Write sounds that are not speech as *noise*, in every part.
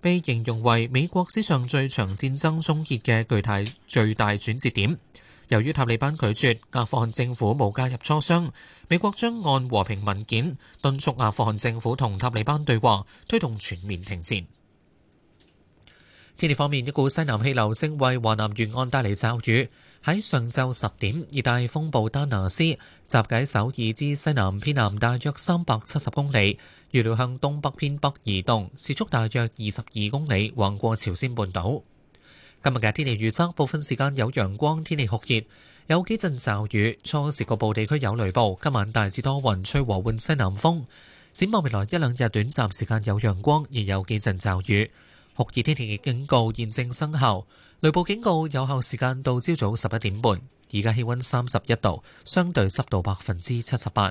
被形容為美國史上最長戰爭終結嘅巨大最大轉折點。由於塔利班拒絕阿富汗政府冇加入磋商，美國將按和平文件敦促阿富汗政府同塔利班對話，推動全面停戰。天氣方面，一股西南氣流正為華南沿岸帶嚟驟雨。喺上晝十點，熱帶風暴丹拿斯集結首爾至西南偏南大約三百七十公里。預料向東北偏北移動，時速大約二十二公里，橫過朝鮮半島。今日嘅天氣預測，部分時間有陽光，天氣酷熱，有幾陣驟雨。初時局部地區有雷暴。今晚大致多雲，吹和緩西南風。展望未來一兩日，短暫時間有陽光，亦有幾陣驟雨。酷熱天氣警告現正生效，雷暴警告有效時間到朝早十一點半。而家氣温三十一度，相對濕度百分之七十八。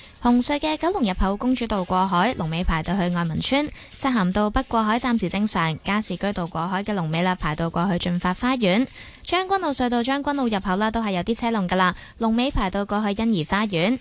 紅隧嘅九龍入口公主道過海龍尾排到去愛民村，漆咸道北過海暫時正常，加士居道過海嘅龍尾啦排到過去駿發花園，將軍澳隧道將軍澳入口啦都係有啲車龍噶啦，龍尾排到過去欣怡花園。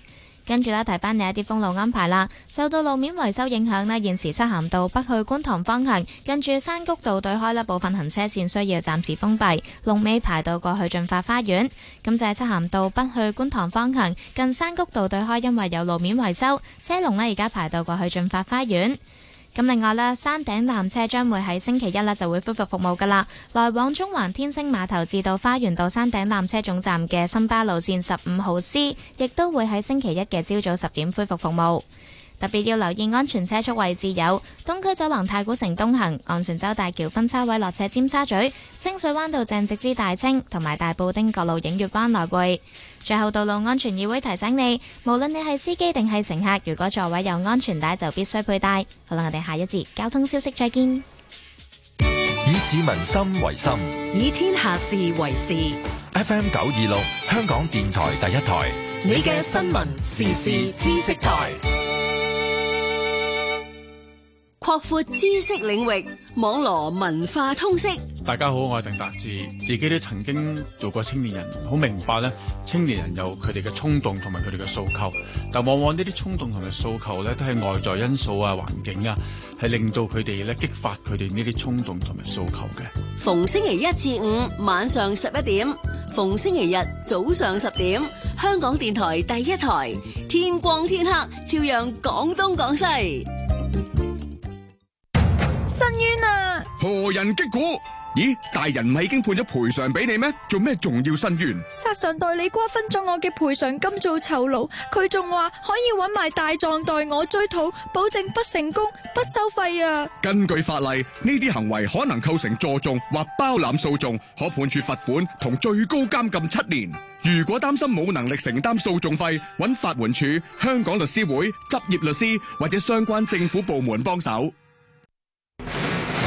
跟住咧，提翻你一啲封路安排啦。受到路面維修影響呢，現時漆咸道北去觀塘方向近住山谷道對開啦，部分行車線需要暫時封閉，龍尾排到過去駿發花園。咁就係漆咸道北去觀塘方向近山谷道對開，因為有路面維修，車龍呢，而家排到過去駿發花園。咁另外啦，山頂纜車將會喺星期一呢就會恢復服務噶啦。來往中環天星碼頭至到花園道山頂纜車總站嘅新巴路線十五號 C，亦都會喺星期一嘅朝早十點恢復服務。特別要留意安全車速位置有東區走廊、太古城東行、安船洲大橋分叉位、落斜尖沙咀清水灣道正直之大清同埋大布丁各路、影月灣來回。最後，道路安全議會提醒你，無論你係司機定係乘客，如果座位有安全帶，就必須佩戴。好啦，我哋下一節交通消息再見。以市民心為心，以天下事為事。FM 九二六，香港電台第一台，你嘅新聞時事知識台。擴闊知識領域，網羅文化通識。大家好，我係鄧達志，自己都曾經做過青年人，好明白咧，青年人有佢哋嘅衝動同埋佢哋嘅訴求，但往往呢啲衝動同埋訴求咧，都係外在因素啊、環境啊，係令到佢哋咧激發佢哋呢啲衝動同埋訴求嘅。逢星期一至五晚上十一點，逢星期日早上十點，香港電台第一台，天光天黑，照樣講東講西。伸冤啊！何人擊鼓？咦，大人唔係已經判咗賠償俾你咩？做咩仲要伸冤？殺上代理瓜分咗我嘅賠償金做酬勞，佢仲話可以搵埋大狀代我追討，保證不成功不收費啊！根據法例，呢啲行為可能構成助訟或包攬訴訟，可判處罰款同最高監禁七年。如果擔心冇能力承擔訴訟費，搵法援署、香港律師會、執業律師或者相關政府部門幫手。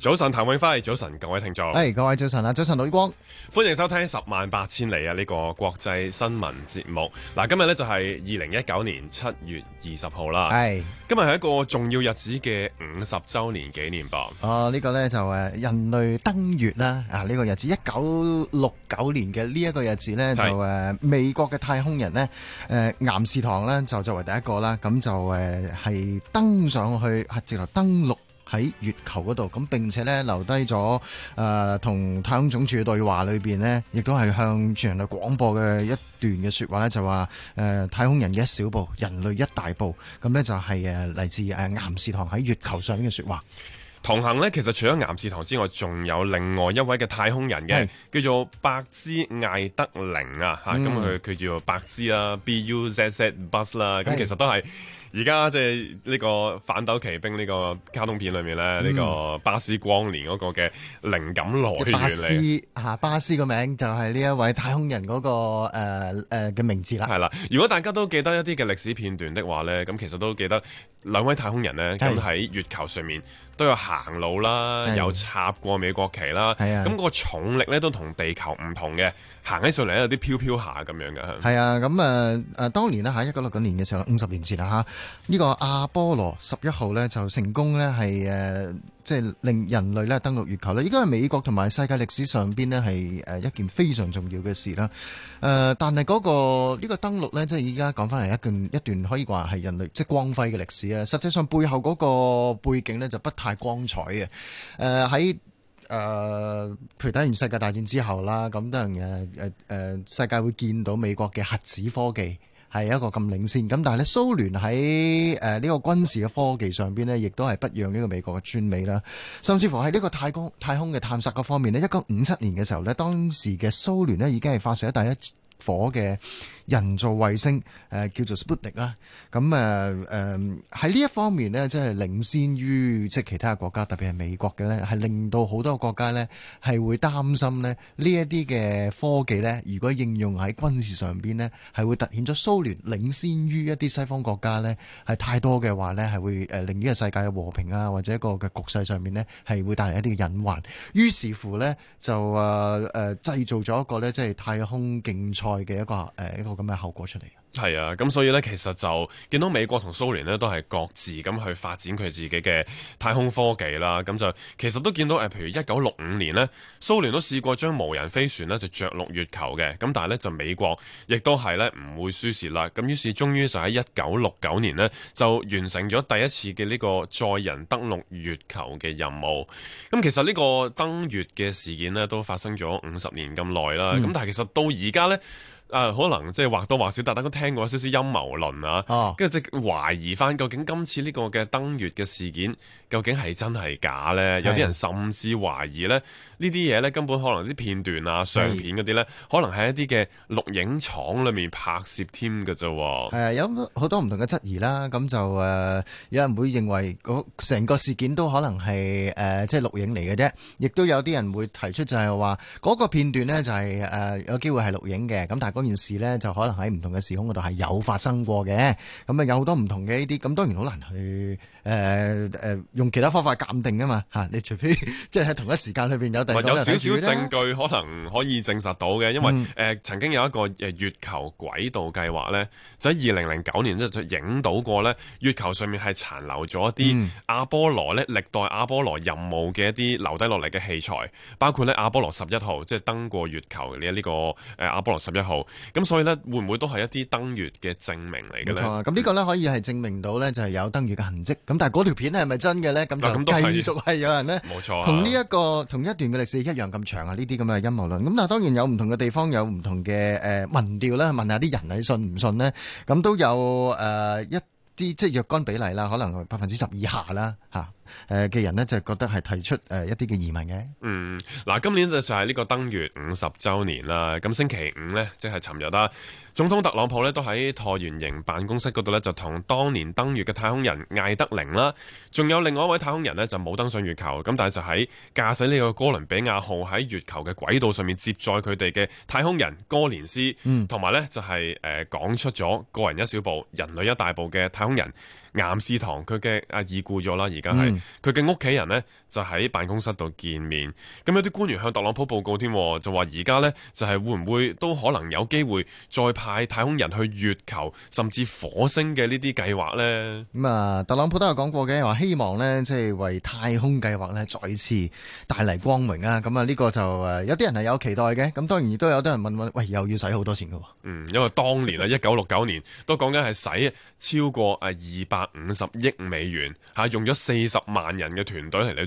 早晨，譚永輝，早晨，各位聽眾，hey, 各位早晨啊，早晨，老光，歡迎收聽十萬八千里啊，呢、這個國際新聞節目。嗱、啊，今日呢，就係二零一九年七月二十號啦，係、hey.，今日係一個重要日子嘅五十周年紀念噃。哦，呢個呢，就誒、是、人類登月啦，啊、這、呢個日子一九六九年嘅呢一個日子呢，hey. 就誒美國嘅太空人呢。誒岩士堂呢，就作為第一個啦，咁就誒係登上去係直頭登陸。喺月球嗰度，咁並且咧留低咗誒同太空總署嘅對話裏邊呢，亦都係向全人類廣播嘅一段嘅説話咧，就話誒、呃、太空人嘅一小步，人類一大步。咁咧就係誒嚟自誒岩士唐喺月球上面嘅説話。同行咧，其實除咗岩士唐之外，仲有另外一位嘅太空人嘅，叫做白芝艾德靈啊嚇，咁佢佢叫白芝啦，B U Z Z Buzz 啦，咁其實都係。而家即係呢個反斗奇兵呢個卡通片裏面咧，呢個巴斯光年嗰個嘅靈感來源嚟、嗯就是。巴斯啊，巴斯個名就係呢一位太空人嗰、那個誒誒嘅名字啦。係啦，如果大家都記得一啲嘅歷史片段的話咧，咁其實都記得兩位太空人咧，咁喺月球上面都有行路啦，有插過美國旗啦，咁、那、嗰個重力咧都同地球唔同嘅。行起上嚟有啲飄飄下咁樣噶，係啊，咁啊，誒，當年呢喺一九六九年嘅時候，五十年前啦吓，呢個阿波羅十一號呢，就成功呢，係誒，即係令人類呢登陸月球啦應該係美國同埋世界歷史上邊呢，係誒一件非常重要嘅事啦。誒，但係嗰個呢個登陸呢，即係而家講翻嚟一段一段可以話係人類即係光輝嘅歷史啊。實際上背後嗰個背景呢，就不太光彩嘅。誒喺。呃、譬如睇完世界大戰之後啦，咁當然誒誒誒，世界會見到美國嘅核子科技係一個咁領先。咁但係咧，蘇聯喺誒呢個軍事嘅科技上邊呢，亦都係不讓呢個美國嘅專美啦。甚至乎喺呢個太空太空嘅探索嗰方面呢，一九五七年嘅時候呢，當時嘅蘇聯咧已經係發射咗第一火嘅人造衛星，誒叫做 Sputnik 啦，咁誒誒喺呢一方面咧，即係領先於即係其他國家，特別係美國嘅咧，係令到好多國家咧係會擔心咧呢一啲嘅科技咧，如果應用喺軍事上邊咧，係會凸顯咗蘇聯領先於一啲西方國家咧係太多嘅話咧，係會誒令呢個世界嘅和平啊，或者一個嘅局勢上面咧係會帶嚟一啲嘅隱患。於是乎咧就誒誒製造咗一個咧即係太空競賽。嘅一個誒一個咁嘅效果出嚟。係啊，咁所以呢，其實就見到美國同蘇聯呢都係各自咁去發展佢自己嘅太空科技啦。咁就其實都見到誒，譬如一九六五年呢，蘇聯都試過將無人飛船呢就着陸月球嘅。咁但係呢，就美國亦都係呢唔會輸蝕啦。咁於是終於就喺一九六九年呢，就完成咗第一次嘅呢個載人登陸月球嘅任務。咁其實呢個登月嘅事件呢，都發生咗五十年咁耐啦。咁、嗯、但係其實到而家呢。啊，可能即係或多或少，大家都聽過一少少陰謀論啊，跟住即係懷疑翻究竟今次呢個嘅登月嘅事件，究竟係真係假咧？有啲人甚至懷疑咧，呢啲嘢咧根本可能啲片段啊、相片嗰啲咧，可能係一啲嘅錄影廠裏面拍攝添嘅啫。係啊，有好多唔同嘅質疑啦，咁就誒、呃、有人會認為成個事件都可能係誒即係錄影嚟嘅啫，亦都有啲人會提出就係話嗰個片段咧就係、是、誒、呃、有機會係錄影嘅，咁但、那個嗰件事呢，就可能喺唔同嘅時空嗰度係有發生過嘅。咁啊，有好多唔同嘅呢啲，咁當然好難去誒誒、呃呃、用其他方法鑑定啊嘛吓，你除非即係喺同一時間裏邊有第二個證據咧。有少少證據可能可以證實到嘅，因為誒、嗯呃、曾經有一個誒月球軌道計劃呢，就喺二零零九年咧就影到過呢月球上面係殘留咗一啲阿波羅呢歷代阿波羅任務嘅一啲留低落嚟嘅器材，包括呢阿波羅十一號，即、就、係、是、登過月球嘅呢、這個誒、呃、阿波羅十一號。咁所以咧，會唔會都係一啲登月嘅證明嚟嘅咧？冇錯啊！咁呢個咧可以係證明到咧，就係有登月嘅痕跡。咁但係嗰條片係咪真嘅咧？咁就繼續係有人咧，冇錯。同呢一個同一段嘅歷史一樣咁長啊！呢啲咁嘅陰謀論咁，嗱，當然有唔同嘅地方有唔同嘅誒民調啦。問下啲人你信唔信咧？咁都有誒一啲即係若干比例啦，可能百分之十以下啦嚇。誒嘅人呢就覺得係提出誒一啲嘅疑問嘅。嗯，嗱，今年就就係呢個登月五十周年啦。咁星期五呢，即係尋日啦，總統特朗普呢都喺橢圓形辦公室嗰度呢，就同當年登月嘅太空人艾德靈啦，仲有另外一位太空人呢，就冇登上月球，咁但係就喺駕駛呢個哥倫比亞號喺月球嘅軌道上面接載佢哋嘅太空人哥連斯，嗯，同埋呢就係誒講出咗個人一小步，人類一大步嘅太空人。岩士唐佢嘅啊已故咗啦，而、啊嗯、家係佢嘅屋企人咧。就喺辦公室度見面，咁有啲官員向特朗普報告添，就話而家呢，就係會唔會都可能有機會再派太空人去月球甚至火星嘅呢啲計劃呢？咁啊，特朗普都有講過嘅，話希望呢，即係為太空計劃呢，再次帶嚟光明啊！咁啊，呢個就誒有啲人係有期待嘅，咁當然亦都有啲人問問，喂，又要使好多錢㗎喎？嗯，因為當年啊，一九六九年都講緊係使超過誒二百五十億美元嚇，用咗四十萬人嘅團隊嚟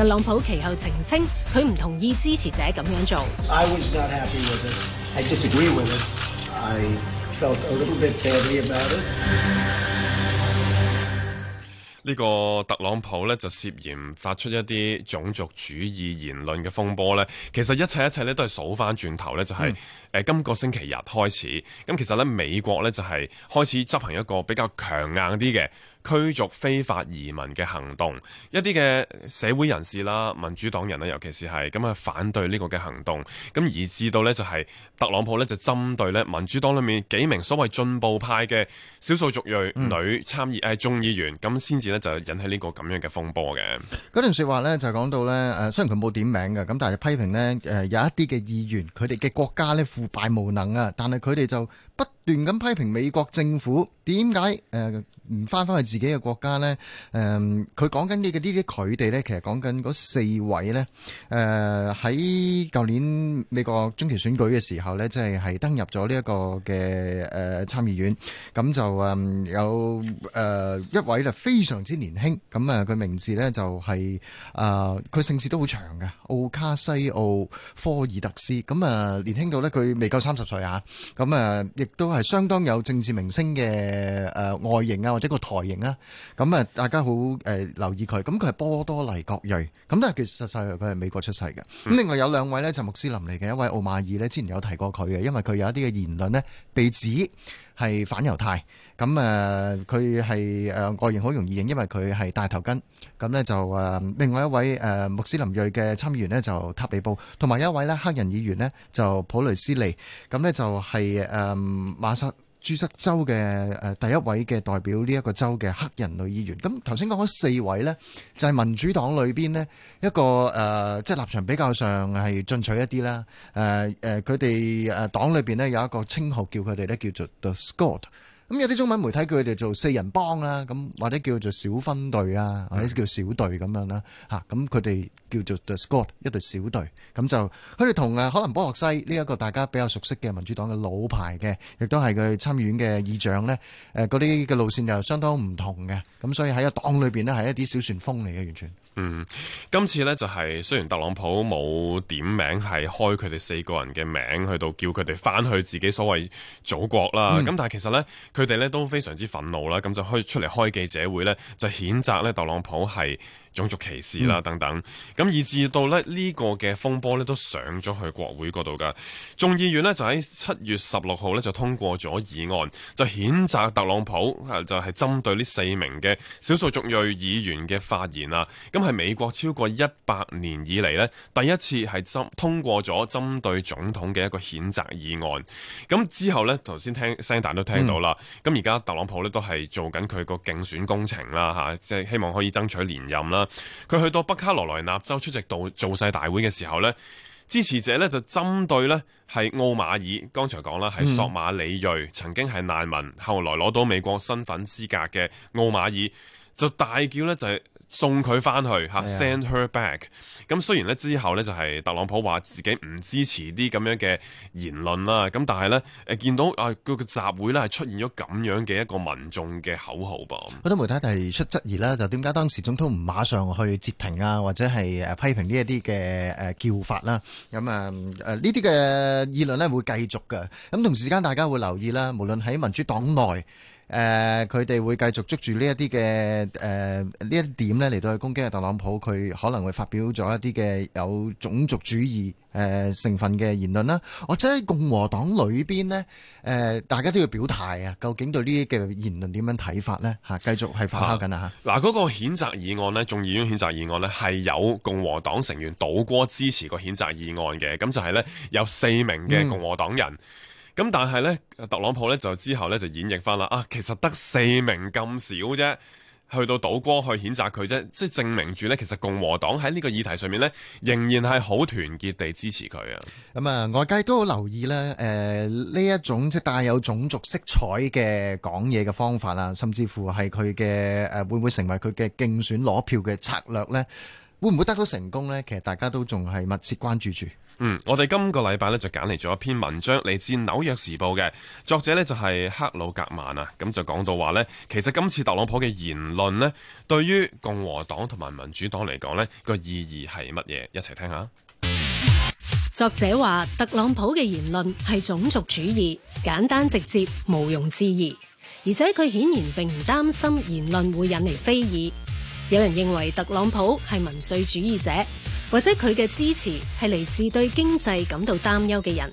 特朗普其後澄清，佢唔同意支持者咁樣做。呢個特朗普呢，就涉嫌發出一啲種族主義言論嘅風波呢，其實一切一切呢，都係數翻轉頭呢，就係誒今個星期日開始。咁其實呢，美國呢，就係開始執行一個比較強硬啲嘅驅逐非法移民嘅行動，一啲嘅社會人士啦、民主黨人啦，尤其是係咁啊，反對呢個嘅行動，咁而至到呢，就係特朗普呢，就針對咧民主黨裏面幾名所謂進步派嘅少數族裔女參議誒眾、嗯啊、議員，咁先至呢，就引起呢個咁樣嘅風波嘅。嗰段説話呢，就講到呢，誒，雖然佢冇點名㗎，咁但係批評呢，誒有一啲嘅議員，佢哋嘅國家呢，腐敗無能啊，但係佢哋就。不斷咁批評美國政府點解誒唔返返去自己嘅國家咧？誒，佢講緊啲嘅呢啲佢哋咧，其實講緊嗰四位咧，誒喺舊年美國中期選舉嘅時候咧，即係係登入咗呢一個嘅誒參議院，咁就誒有誒一位咧非常之年輕，咁啊佢名字咧就係啊，佢姓氏都好長嘅奧卡西奧科爾特斯，咁啊年輕到咧佢未夠三十歲啊，咁啊亦。都係相當有政治明星嘅誒外形啊，或者個台型啊，咁啊，大家好誒留意佢，咁佢係波多黎各裔，咁但係其實實佢係美國出世嘅。咁另外有兩位咧就穆斯林嚟嘅，一位奧馬爾咧之前有提過佢嘅，因為佢有一啲嘅言論呢被指係反猶太，咁誒佢係誒外形好容易認，因為佢係大頭巾，咁咧就誒、呃、另外一位誒、呃、穆斯林裔嘅參議員呢，就塔比布，同埋一位咧黑人議員呢，就普雷斯利，咁咧就係誒、呃、馬塞諸塞州嘅第一位嘅代表呢一個州嘅黑人女議員，咁頭先講嗰四位咧，就係、是、民主黨裏邊呢一個誒，即、呃、係、就是、立場比較上係進取一啲啦。誒、呃、誒，佢哋誒黨裏邊呢有一個稱號叫佢哋咧叫做 The Squad。咁有啲中文媒體叫佢哋做四人幫啦，咁或者叫做小分隊啊，或者叫小隊咁樣啦，咁佢哋叫做 The Squad，一隊小隊，咁就佢哋同可能波洛西呢一個大家比較熟悉嘅民主黨嘅老牌嘅，亦都係佢參院嘅議長咧，嗰啲嘅路線就相當唔同嘅，咁所以喺個黨裏面呢，係一啲小旋風嚟嘅完全。嗯，今次呢、就是，就係雖然特朗普冇點名係開佢哋四個人嘅名去到叫佢哋返去自己所謂祖國啦，咁、嗯、但係其實呢，佢哋呢都非常之憤怒啦，咁就開出嚟開記者會呢，就譴責呢特朗普係種族歧視啦，等等。咁、嗯、以至到咧呢個嘅風波咧都上咗去國會嗰度噶。眾議院咧就喺七月十六號咧就通過咗議案，就譴責特朗普，就係針對呢四名嘅少數族裔議員嘅發言啦，咁係美國超過一百年以嚟咧第一次係針通過咗針對總統嘅一個譴責議案。咁之後咧，頭先聽聲彈都聽到啦。咁而家特朗普咧都係做緊佢個競選工程啦，吓，即係希望可以爭取連任啦。佢去到北卡羅來納州出席度造勢大會嘅時候咧，支持者咧就針對咧係奧馬爾，剛才講啦係索馬里裔曾經係難民，後來攞到美國身份資格嘅奧馬爾，就大叫呢就係、是。送佢翻去吓，send her back。咁雖然呢之後呢，就係特朗普話自己唔支持啲咁樣嘅言論啦，咁但係呢，誒見到啊個集會呢，係出現咗咁樣嘅一個民眾嘅口號噃。好多媒體提出質疑啦，就點解當時總統唔馬上去截停啊，或者係批評呢一啲嘅叫法啦？咁啊呢啲嘅議論呢，會繼續嘅。咁同時間大家會留意啦，無論喺民主黨內。誒、呃，佢哋會繼續捉住呢一啲嘅誒呢一點咧，嚟到去攻擊阿特朗普，佢可能會發表咗一啲嘅有種族主義誒、呃、成分嘅言論啦。或者喺共和黨裏邊咧，誒、呃，大家都要表態啊！究竟對呢啲嘅言論點樣睇法呢？嚇，繼續係發酵緊啦嚇。嗱、啊，嗰、那個譴責議案呢，眾議院譴責議案呢，係有共和黨成員倒戈支持個譴責議案嘅。咁就係呢，有四名嘅共和黨人。嗯咁但係咧，特朗普咧就之後咧就演繹翻啦，啊，其實得四名咁少啫，去到倒戈去譴責佢啫，即係證明住咧，其實共和黨喺呢個議題上面咧，仍然係好團結地支持佢啊。咁、嗯、啊，外界都好留意咧，誒、呃、呢一種即係帶有種族色彩嘅講嘢嘅方法啦，甚至乎係佢嘅誒會唔會成為佢嘅競選攞票嘅策略咧？會唔會得到成功呢？其實大家都仲係密切關注住。嗯，我哋今個禮拜咧就揀嚟咗一篇文章嚟自紐約時報嘅，作者咧就係克魯格曼啊，咁就講到話咧，其實今次特朗普嘅言論呢，對於共和黨同埋民主黨嚟講呢，個意義係乜嘢？一齊聽下。作者話特朗普嘅言論係種族主義，簡單直接，毋庸置疑，而且佢顯然並唔擔心言論會引嚟非議。有人認為特朗普係民粹主義者，或者佢嘅支持係嚟自對經濟感到擔憂嘅人。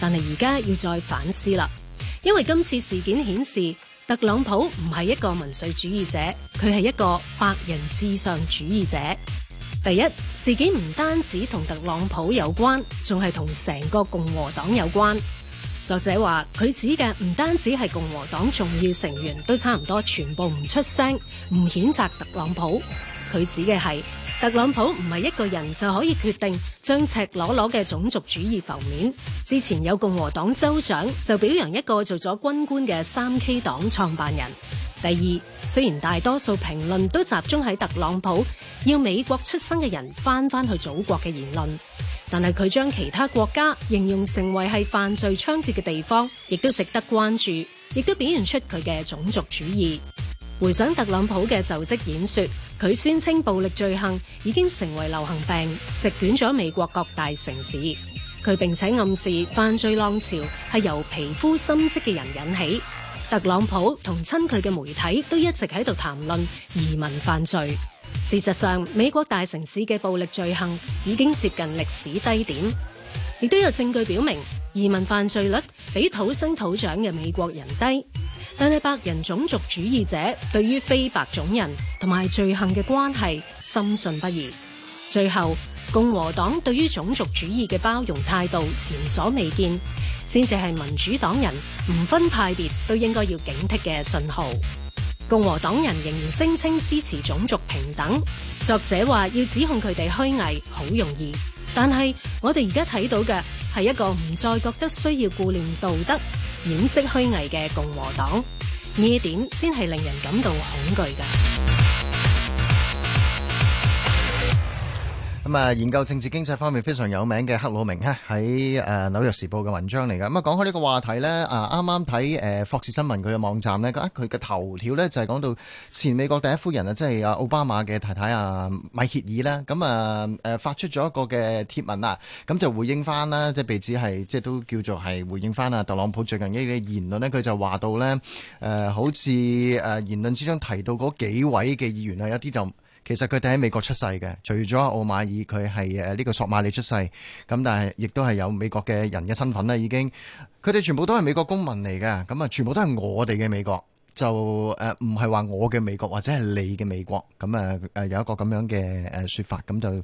但係而家要再反思啦，因為今次事件顯示特朗普唔係一個民粹主義者，佢係一個白人至上主義者。第一，事件唔單止同特朗普有關，仲係同成個共和黨有關。作者話佢指嘅唔單止係共和黨重要成員，都差唔多全部唔出聲，唔譴責特朗普。佢指嘅係特朗普唔係一個人就可以決定將赤裸裸嘅種族主義浮面。之前有共和黨州長就表揚一個做咗軍官嘅三 K 黨創辦人。第二，雖然大多數評論都集中喺特朗普要美國出生嘅人返返去祖國嘅言論。但係佢將其他國家形容成為係犯罪猖獗嘅地方，亦都值得關注，亦都表現出佢嘅種族主義。回想特朗普嘅就職演說，佢宣稱暴力罪行已經成為流行病，席捲咗美國各大城市。佢並且暗示犯罪浪潮係由皮膚深色嘅人引起。特朗普同親佢嘅媒體都一直喺度談論移民犯罪。事實上，美國大城市嘅暴力罪行已經接近歷史低點，亦都有證據表明移民犯罪率比土生土長嘅美國人低。但係白人種族主義者對於非白種人同埋罪行嘅關係深信不疑。最後，共和黨對於種族主義嘅包容態度前所未見，先至係民主黨人唔分派別都應該要警惕嘅信號。共和黨人仍然聲稱支持種族平等，作者話要指控佢哋虛偽好容易，但係我哋而家睇到嘅係一個唔再覺得需要顧念道德、掩飾虛偽嘅共和黨，呢點先係令人感到恐懼㗎。咁啊，研究政治經濟方面非常有名嘅克魯明喺誒紐約時報嘅文章嚟噶。咁啊，講開呢個話題呢啊，啱啱睇霍士新聞佢嘅網站呢，佢嘅頭條呢就係講到前美國第一夫人啊，即係阿奧巴馬嘅太太啊米歇爾啦，咁啊發出咗一個嘅貼文啊，咁就回應翻啦，即係被指係即係都叫做係回應翻啊，特朗普最近一啲嘅言論呢佢就話到呢，好似言論之中提到嗰幾位嘅議員啊，一啲就。其實佢哋喺美國出世嘅，除咗奧馬爾佢係誒呢個索馬里出世，咁但係亦都係有美國嘅人嘅身份啦，已經，佢哋全部都係美國公民嚟嘅。咁啊全部都係我哋嘅美國，就誒唔係話我嘅美國或者係你嘅美國，咁啊誒有一個咁樣嘅誒說法，咁就誒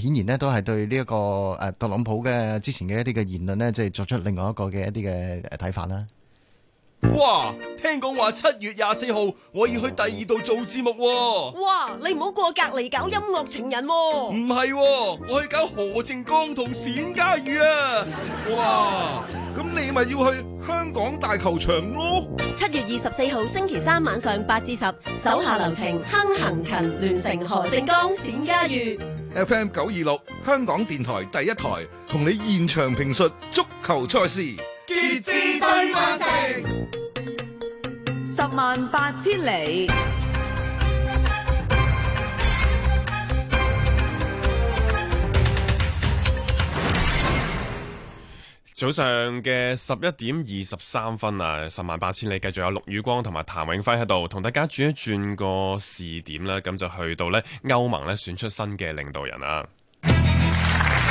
顯然呢，都係對呢一個誒特朗普嘅之前嘅一啲嘅言論呢，即係作出另外一個嘅一啲嘅誒睇法啦。哇，聽講話七月廿四號我要去第二度做節目喎、啊！哇，你唔好過隔籬搞音樂情人喎、啊！唔係、啊，我去搞何正剛同冼家玉啊！哇，咁你咪要去香港大球場咯？七月二十四號星期三晚上八至十，手下留情，坑行勤聯成何正剛、冼家玉。FM 九二六香港電台第一台同你現場評述足球賽事。結字對。萬八千里，早上嘅十一點二十三分啊，十萬八千里，繼續有陸宇光同埋譚永輝喺度，同大家轉一轉個視點啦。咁就去到呢歐盟呢選出新嘅領導人啦。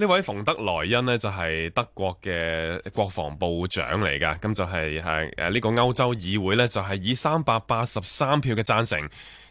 呢位馮德萊恩呢，就係德國嘅國防部長嚟㗎，咁就係、係、呢、呢個歐洲議會呢，就係以三百八十三票嘅贊成，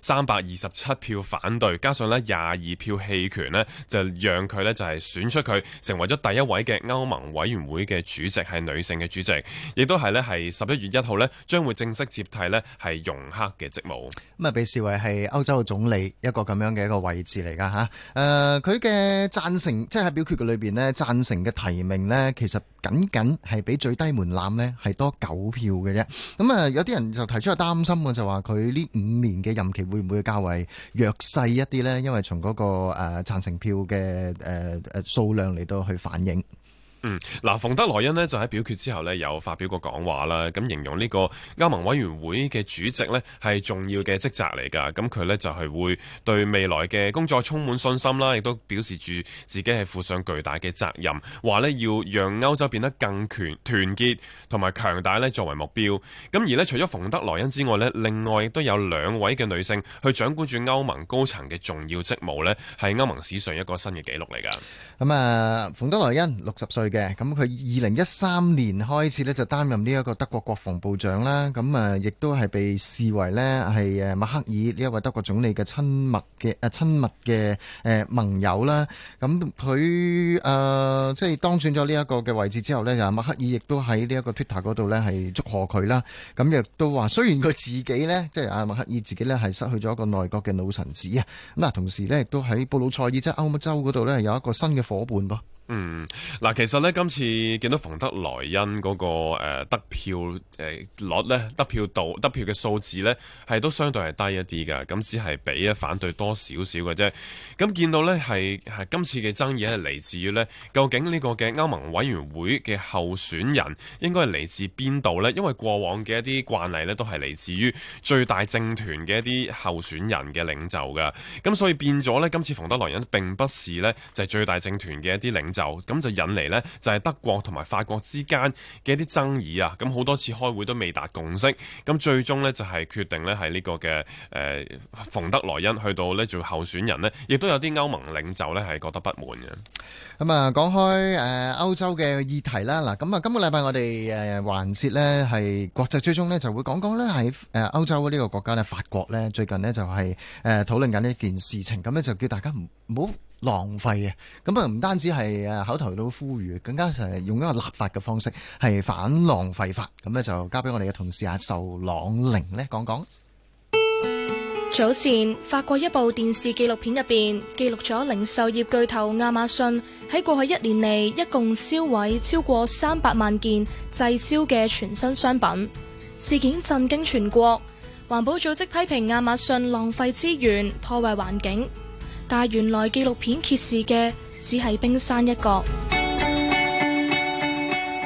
三百二十七票反對，加上咧廿二票棄權咧，就讓佢咧就係選出佢成為咗第一位嘅歐盟委員會嘅主席係女性嘅主席，亦都係咧係十一月一號咧將會正式接替咧係容克嘅職務，咁啊被視為係歐洲嘅總理一個咁樣嘅一個位置嚟噶嚇。誒、呃，佢嘅贊成即係喺表決嘅裏邊咧贊成嘅提名呢，其實。僅僅係比最低門檻咧係多九票嘅啫，咁啊有啲人就提出擔心啊，就話佢呢五年嘅任期會唔會較為弱勢一啲咧？因為從嗰、那個誒、呃、贊成票嘅誒誒數量嚟到去反映。嗯，嗱，馮德萊恩呢就喺表決之後呢，有發表過講話啦，咁形容呢個歐盟委員會嘅主席呢，係重要嘅職責嚟噶，咁佢呢就係會對未來嘅工作充滿信心啦，亦都表示住自己係負上巨大嘅責任，話呢要讓歐洲變得更權團結同埋強大呢作為目標。咁而呢除咗馮德萊恩之外呢，另外亦都有兩位嘅女性去掌管住歐盟高層嘅重要職務呢，係歐盟史上一個新嘅紀錄嚟噶。咁、嗯、啊，馮德萊恩六十歲嘅。咁佢二零一三年開始呢，就擔任呢一個德國國防部長啦，咁啊亦都係被視為呢，係誒默克爾呢一位德國總理嘅親密嘅誒親密嘅誒盟友啦。咁佢誒即係當選咗呢一個嘅位置之後呢，阿默克爾亦都喺呢一個 Twitter 嗰度呢，係祝賀佢啦。咁亦都話雖然佢自己呢，即係阿默克爾自己呢，係失去咗一個內閣嘅老臣子啊，咁啊同時呢，亦都喺布魯塞爾即係歐洲嗰度呢，有一個新嘅伙伴噃。嗯，嗱，其實咧今次見到馮德萊恩嗰個誒得票誒率咧，得票度得票嘅數字咧，係都相對係低一啲嘅，咁只係比咧反對多少少嘅啫。咁見到咧係係今次嘅爭議係嚟自於咧，究竟呢個嘅歐盟委員會嘅候選人應該係嚟自邊度咧？因為過往嘅一啲慣例咧，都係嚟自於最大政團嘅一啲候選人嘅領袖嘅，咁所以變咗咧，今次馮德萊恩並不是咧就係最大政團嘅一啲領袖。就咁就引嚟呢，就係德國同埋法國之間嘅一啲爭議啊！咁好多次開會都未達共識，咁最終呢，就係決定呢係呢個嘅、呃、馮德萊恩去到呢做候選人呢，亦都有啲歐盟領袖呢係覺得不滿嘅。咁啊，講開誒歐洲嘅議題啦，嗱咁啊，今個禮拜我哋誒環節呢，係國際追蹤呢，就會講講呢喺誒歐洲呢個國家呢，法國呢，最近呢就係誒討論緊呢件事情，咁呢，就叫大家唔好浪費嘅咁啊，唔單止係誒口頭都呼籲，更加成日用一個立法嘅方式係反浪費法。咁、啊、呢，就交俾我哋嘅同事阿壽朗玲呢講講。早前法國一部電視紀錄片面，入邊記錄咗零售業巨頭亞馬遜喺過去一年嚟一共銷毀超過三百萬件滯銷嘅全新商品事件，震驚全國。環保組織批評亞馬遜浪費資源，破壞環境。但原來紀錄片揭示嘅只係冰山一角。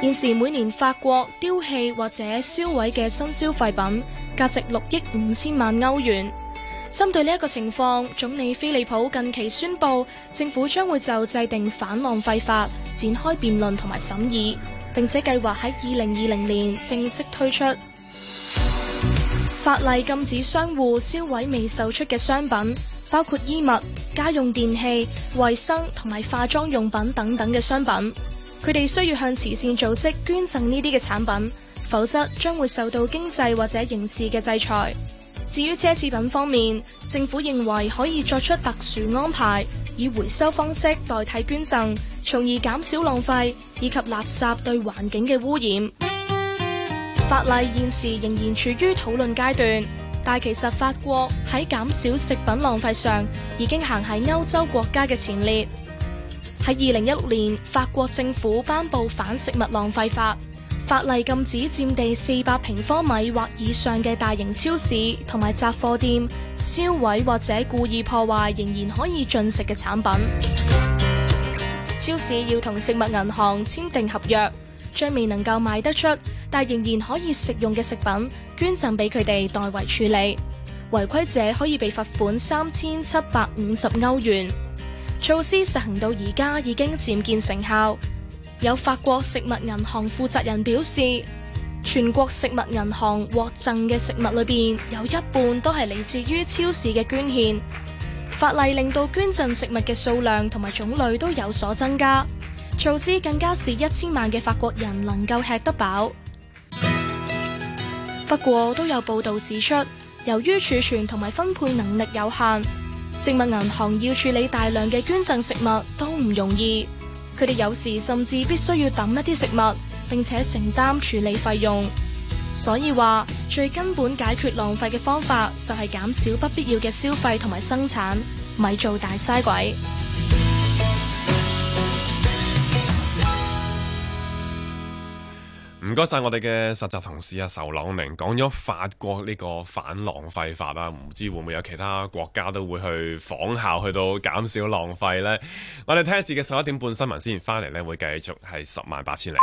現時每年法國丟棄或者銷毀嘅新消費品價值六億五千萬歐元。針對呢一個情況，總理菲利普近期宣布，政府將會就制定反浪費法展開辯論同埋審議，並且計劃喺二零二零年正式推出法例，禁止商戶銷毀未售出嘅商品。包括衣物、家用電器、衛生同埋化妝用品等等嘅商品，佢哋需要向慈善組織捐贈呢啲嘅產品，否則將會受到經濟或者刑事嘅制裁。至於奢侈品方面，政府認為可以作出特殊安排，以回收方式代替捐贈，從而減少浪費以及垃圾對環境嘅污染。法例現時仍然處於討論階段。但其實法國喺減少食品浪費上已經行喺歐洲國家嘅前列。喺二零一六年，法國政府頒布反食物浪費法，法例禁止佔地四百平方米或以上嘅大型超市同埋雜貨店銷毀或者故意破壞仍然可以進食嘅產品。超市要同食物銀行簽訂合約。將未能夠賣得出但仍然可以食用嘅食品捐贈俾佢哋代為處理，違規者可以被罰款三千七百五十歐元。措施實行到而家已經漸見成效。有法國食物銀行負責人表示，全國食物銀行獲贈嘅食物裏面有一半都係嚟自於超市嘅捐獻。法例令到捐贈食物嘅數量同埋種類都有所增加。措施更加使一千萬嘅法國人能夠吃得飽。不過都有報道指出，由於儲存同埋分配能力有限，食物銀行要處理大量嘅捐贈食物都唔容易。佢哋有時甚至必須要抌一啲食物，並且承擔處理費用。所以話，最根本解決浪費嘅方法就係減少不必要嘅消費同埋生產，咪做大嘥鬼。唔該晒，我哋嘅實習同事阿仇朗寧講咗法國呢個反浪費法啦，唔知會唔會有其他國家都會去仿效，去到減少浪費呢？我哋聽一節嘅十一點半新聞先，翻嚟呢會繼續係十萬八千里。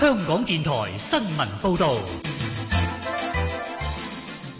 香港電台新聞報道。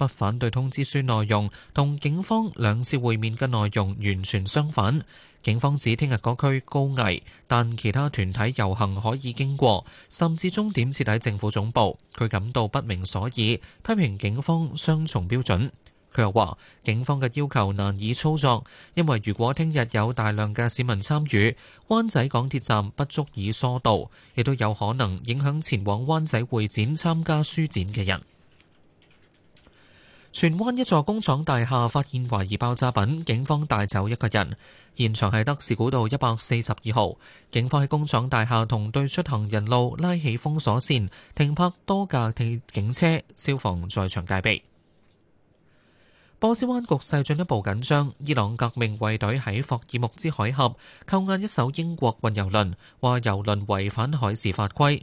不反對通知書內容同警方兩次會面嘅內容完全相反。警方指聽日嗰區高危，但其他團體遊行可以經過，甚至終點設喺政府總部。佢感到不明所以，批評警方雙重標準。佢又話，警方嘅要求難以操作，因為如果聽日有大量嘅市民參與，灣仔港鐵站不足以疏導，亦都有可能影響前往灣仔會展參加書展嘅人。荃灣一座工廠大廈發現懷疑爆炸品，警方帶走一個人。現場係德士古道一百四十二號，警方喺工廠大廈同對出行人路拉起封鎖線，停泊多架警車，消防在場戒備。波斯灣局勢進一步緊張，伊朗革命衛隊喺霍爾木茲海峽扣押一艘英國運油輪，話油輪違反海事法規。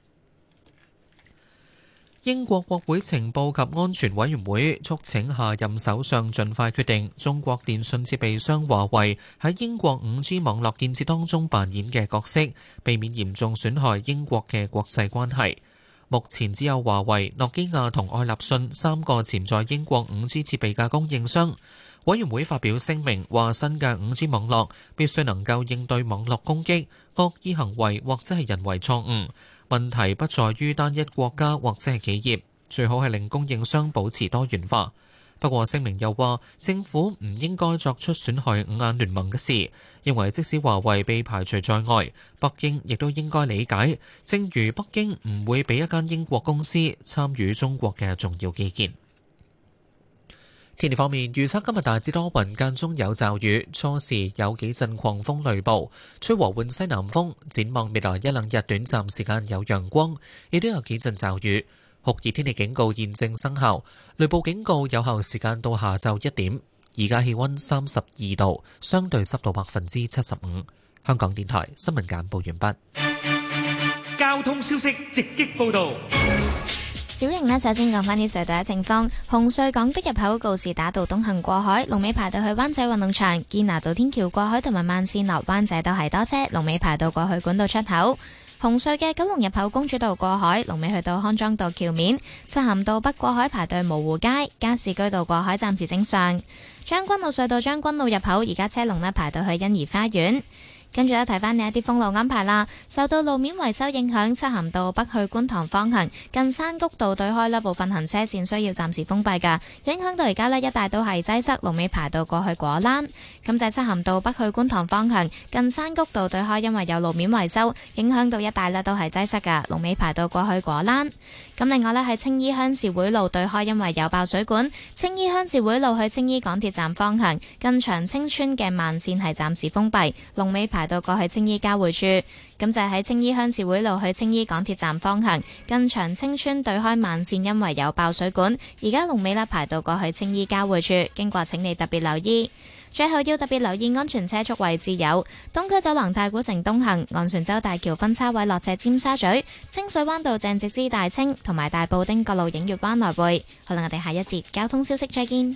英國國會情報及安全委員會促請下任首相盡快決定中國電信設備商華為喺英國 5G 網絡建設當中扮演嘅角色，避免嚴重損害英國嘅國際關係。目前只有華為、諾基亞同愛立信三個潛在英國 5G 設備嘅供應商。委員會發表聲明話：新嘅 5G 網絡必須能夠應對網絡攻擊、惡意行為或者係人為錯誤。問題不在於單一國家或者係企業，最好係令供應商保持多元化。不過聲明又話，政府唔應該作出損害五眼聯盟嘅事，認為即使華為被排除在外，北京亦都應該理解，正如北京唔會俾一間英國公司參與中國嘅重要基建。天氣方面，預測今日大致多雲，間中有驟雨，初時有幾陣狂風雷暴，吹和緩西南風。展望未來一兩日，短暫時間有陽光，亦都有幾陣驟雨。酷熱天氣警告現正生效，雷暴警告有效時間到下晝一點。而家氣温三十二度，相對濕度百分之七十五。香港電台新聞簡報完畢。交通消息直擊報道。小瑩呢，首先講翻啲隧道嘅情況。紅隧港島入口告士打道東行過海，龍尾排到去灣仔運動場；堅拿道天橋過海同埋慢綫落灣仔都係多車，龍尾排到過去管道出口。紅隧嘅九龍入口公主道過海，龍尾去到康莊道橋面；漆咸道北過海排隊蕪湖街、加士居道過海暫時正常。將軍澳隧道將軍澳入口而家車龍呢排到去欣怡花園。跟住咧睇翻你一啲封路安排啦。受到路面維修影響，漆咸道北去觀塘方向，近山谷道對開咧部分行車線需要暫時封閉㗎。影響到而家呢，一帶都係擠塞，龍尾排到過去果欄。咁就係漆咸道北去觀塘方向，近山谷道對開，對開因為有路面維修，影響到一帶都係擠塞㗎。龍尾排到過去果欄。咁另外呢，喺青衣鄉事會路對開，因為有爆水管，青衣鄉事會路去青衣港鐵站方向，近長青村嘅慢線係暫時封閉，龍尾排排到過去青衣交匯處，咁就喺青衣鄉事會路去青衣港鐵站方向，近長青村對開慢線，因為有爆水管，而家龍尾啦，排到過去青衣交匯處，經過請你特別留意。最後要特別留意安全車速位置有：東區走廊太古城東行、昂船洲大橋分叉位、落斜尖沙咀、清水灣道鄭植之大清同埋大布丁各路、影月灣來回。好啦，我哋下一節交通消息再見。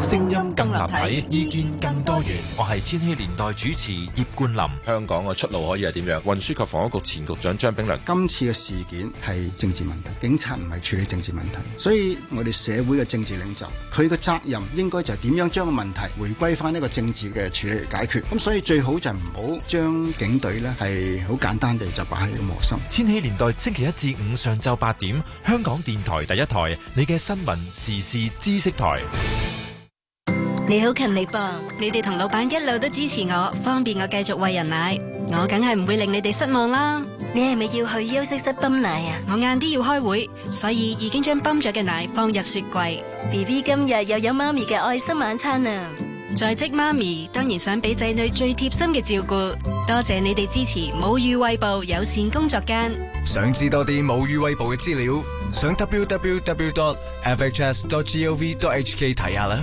聲音更立體，更立體，意見更多元。我係千禧年代主持葉冠林。香港嘅出路可以係點樣？運輸及房屋局前局長張炳良。今次嘅事件係政治問題，警察唔係處理政治問題，所以我哋社會嘅政治領袖，佢嘅責任應該就係點樣將個問題回歸翻呢個政治嘅處理解決。咁所以最好就唔好將警隊呢係好簡單地就擺喺個磨心。千禧年代星期一至五上晝八點，香港電台第一台，你嘅新聞時事知識台。你好勤力噃！你哋同老闆一路都支持我，方便我繼續餵人奶，我梗係唔會令你哋失望啦。你係咪要去休息室泵奶啊？我晏啲要開會，所以已經將泵咗嘅奶放入雪櫃。B B 今日又有媽咪嘅愛心晚餐啦！在職媽咪當然想俾仔女最貼心嘅照顧，多謝，謝你哋支持母乳餵哺友善工作間。想知多啲母乳餵哺嘅資料，上 www.fhs.gov.hk 睇下啦。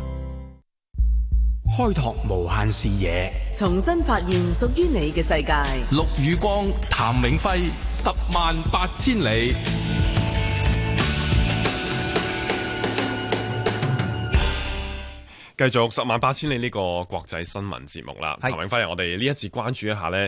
開拓無限視野，重新發現屬於你嘅世界。陸宇光、譚永輝，十萬八千里。繼續《十萬八千里》呢個國際新聞節目啦。譚永輝，我哋呢一節關注一下呢。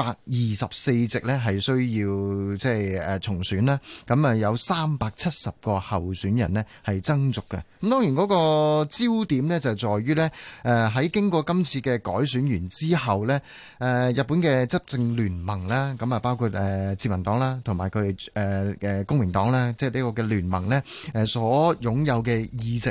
百二十四席呢，係需要即係誒重選啦。咁啊，有三百七十個候選人呢，係爭逐嘅。咁當然嗰個焦點呢，就在於呢，誒喺經過今次嘅改選完之後呢，誒，日本嘅執政聯盟啦，咁啊包括誒自民黨啦，同埋佢哋誒誒公民黨啦，即係呢個嘅聯盟呢，誒所擁有嘅議席。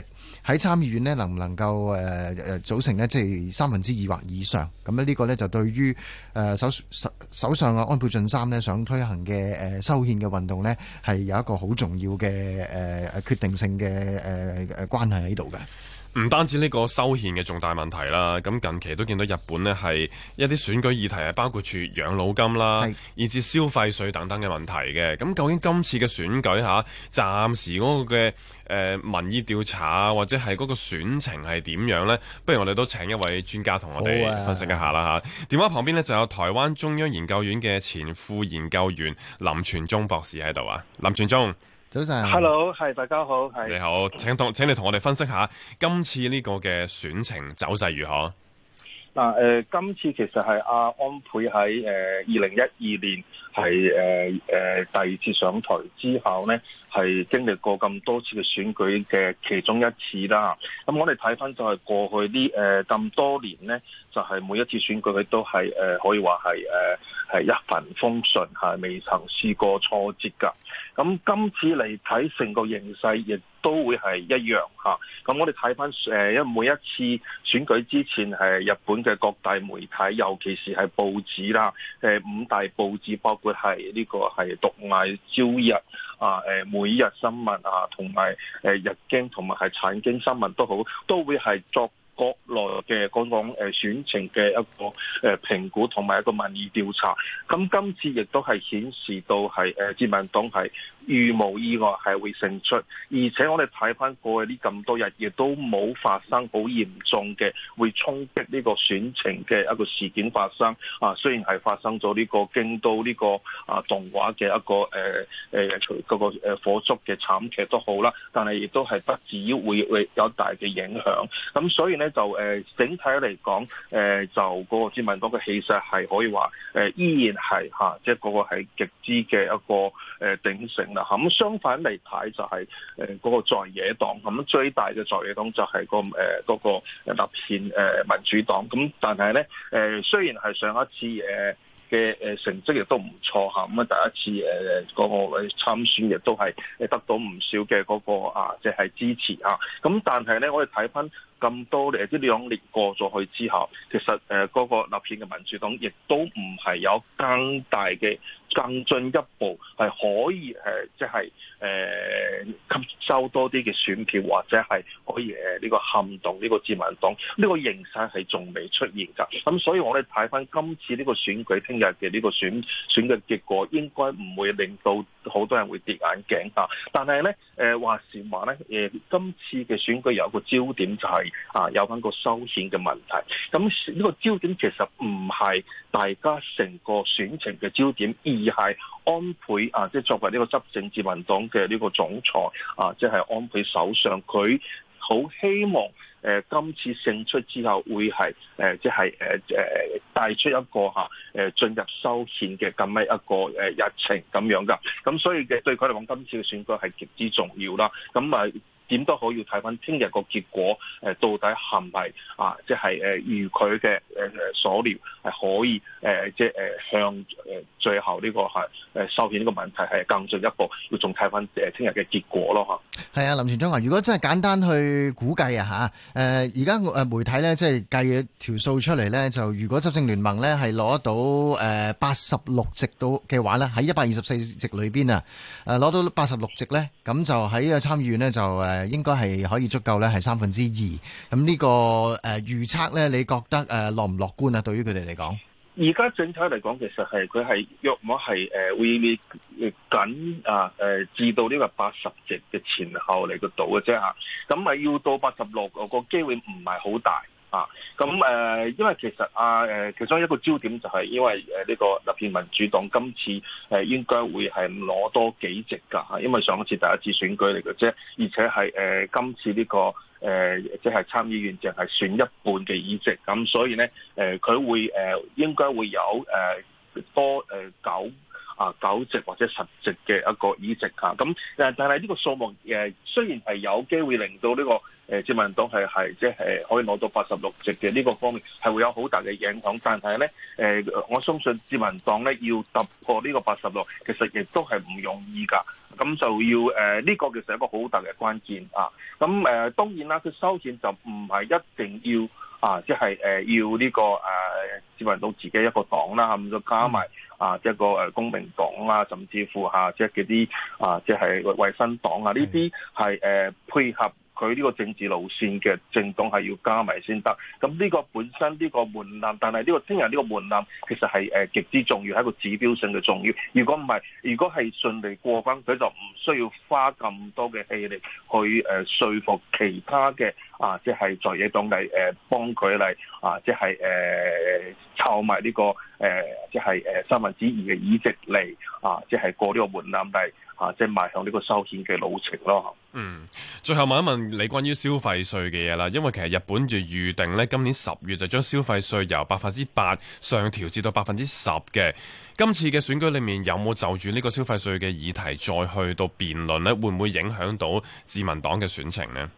喺參議院呢，能唔能夠誒誒組成呢？即係三分之二或以上咁咧？呢、呢個呢，就對於誒首首首相啊安倍晉三呢，想推行嘅誒修憲嘅運動呢，係有一個好重要嘅誒誒決定性嘅誒誒關係喺度嘅。唔單止呢個修憲嘅重大問題啦，咁近期都見到日本呢係一啲選舉議題係包括住養老金啦，以至消費稅等等嘅問題嘅。咁究竟今次嘅選舉吓暫時嗰個嘅、呃、民意調查或者係嗰個選情係點樣呢？不如我哋都請一位專家同我哋分析一下啦嚇、啊。電話旁邊呢就有台灣中央研究院嘅前副研究員林全忠博士喺度啊，林全忠。早晨，Hello，係大家好，係你好，請同請你同我哋分析下今次呢個嘅選情走勢如何。啊，誒、呃，今次其實係阿安倍喺誒二零一二年係誒誒第二次上台之後呢，係經歷過咁多次嘅選舉嘅其中一次啦。咁我哋睇返就係過去呢誒咁多年呢就係、是、每一次選舉佢都係誒、呃、可以話係誒係一帆風順係，未曾試過挫折㗎。咁今次嚟睇，成個形勢亦都會係一樣嚇，咁我哋睇翻因為每一次選舉之前，係日本嘅各大媒體，尤其是係報紙啦，五大報紙，包括係呢、這個係讀賣朝日啊、每日新聞啊，同埋日經同埋產經新聞都好，都會係作國內嘅嗰種選選情嘅一個誒評估同埋一個民意調查。咁今次亦都係顯示到係自民黨係。預無意外係會勝出，而且我哋睇翻過去呢咁多日，亦都冇發生好嚴重嘅會衝擊呢個選情嘅一個事件發生。啊，雖然係發生咗呢個京都呢個啊動畫嘅一個誒誒、呃那個、火燭嘅慘劇都好啦，但係亦都係不至於會會有大嘅影響。咁所以咧就、呃、整體嚟講，誒、呃、就嗰個自民黨嘅氣勢係可以話、呃、依然係嚇，即係嗰個係極之嘅一個誒鼎盛。咁相反嚟睇就係誒嗰個在野黨，咁最大嘅在野黨就係個誒嗰個立憲誒民主黨。咁但係咧誒，雖然係上一次誒嘅誒成績亦都唔錯吓，咁啊第一次誒個參選亦都係誒得到唔少嘅嗰個啊，即係支持啊。咁但係咧，我哋睇翻。咁多嚟，即兩年過咗去之後，其實誒嗰個立憲嘅民主黨亦都唔係有更大嘅更進一步，係可以即係吸收多啲嘅選票，或者係可以呢個撼動呢個自民黨，呢個形勢係仲未出現㗎。咁所以我哋睇翻今次呢個選舉，聽日嘅呢個選選嘅結果，應該唔會令到。好多人會跌眼鏡啊！但係咧，誒、呃、話時話咧，誒、呃、今次嘅選舉有一個焦點就係、是、啊，有翻個修憲嘅問題。咁呢個焦點其實唔係大家成個選情嘅焦點，而係安倍啊，即、就、係、是、作為呢個執政自民黨嘅呢個總裁啊，即、就、係、是、安倍首相，佢好希望。誒、呃、今次勝出之後會係，會係誒即係誒誒帶出一個嚇、啊、進入修憲嘅咁樣一個誒日程咁樣㗎，咁所以嘅對佢嚟講，今次嘅選舉係極之重要啦，咁啊～點都好，要睇翻聽日個結果，誒到底係咪啊？即係誒如佢嘅誒誒所料係可以誒，即係誒向誒最後呢個係誒修憲呢個問題係更進一步，要仲睇翻誒聽日嘅結果咯，吓，係啊，林全忠啊，如果真係簡單去估計啊吓，誒而家誒媒體咧即係計條數出嚟咧，就如果執政聯盟咧係攞到誒八十六席到嘅話咧，喺一百二十四席裏邊啊，誒攞到八十六席咧。咁就喺個參議院咧，就誒應該係可以足夠咧，係三分之二。咁呢個誒、呃、預測咧，你覺得誒樂唔樂觀啊？對於佢哋嚟講，而家整體嚟講，其實係佢係約摸係誒會緊啊誒至到呢個八十席嘅前後嚟個度嘅啫。咁咪要到八十六個，個機會唔係好大。啊，咁誒、呃，因為其實啊，誒，其中一個焦點就係因為誒呢個立憲民主黨今次誒應該會係攞多幾席㗎，因為上一次第一次選舉嚟嘅啫，而且係誒、呃、今次呢、呢個誒即係參議院淨係選一半嘅議席，咁所以咧誒佢會誒、呃、應該會有誒、呃、多誒、呃、九。啊，九席或者十席嘅一個議席咁、啊、但但係呢個數目誒、啊，雖然係有機會令到呢、呢個誒、呃，自民黨係即係可以攞到八十六席嘅呢、呢個方面，係會有好大嘅影響。但係咧誒，我相信自民黨咧要突破呢個八十六，其實亦都係唔容易噶。咁就要誒，呢、啊呢個其實係一個好大嘅關鍵啊。咁誒、啊，當然啦，佢收錢就唔係一定要啊，即係誒要呢、呢個誒、啊、自民黨自己一個黨啦，咁、啊、就加埋。嗯。啊，即、這、係個誒公民黨啊，甚至乎吓，即係嗰啲啊，即係、啊就是、衛生黨啊，呢啲係誒配合。佢呢個政治路線嘅政黨係要加埋先得，咁呢個本身呢個門檻，但係呢個聽日呢個門檻其實係誒極之重要，係一個指標性嘅重要。如果唔係，如果係順利過關，佢就唔需要花咁多嘅氣力去誒說服其他嘅啊，即係在野黨嚟誒幫佢嚟啊，即係誒湊埋呢個誒，即係誒三分之二嘅議席嚟啊，即係過呢個門檻，但係。啊，即係邁向呢個修憲嘅路程咯。嗯，最後問一問你關於消費稅嘅嘢啦，因為其實日本就預定咧今年十月就將消費稅由百分之八上調至到百分之十嘅。今次嘅選舉裏面有冇就住呢個消費稅嘅議題再去到辯論呢？會唔會影響到自民黨嘅選情呢？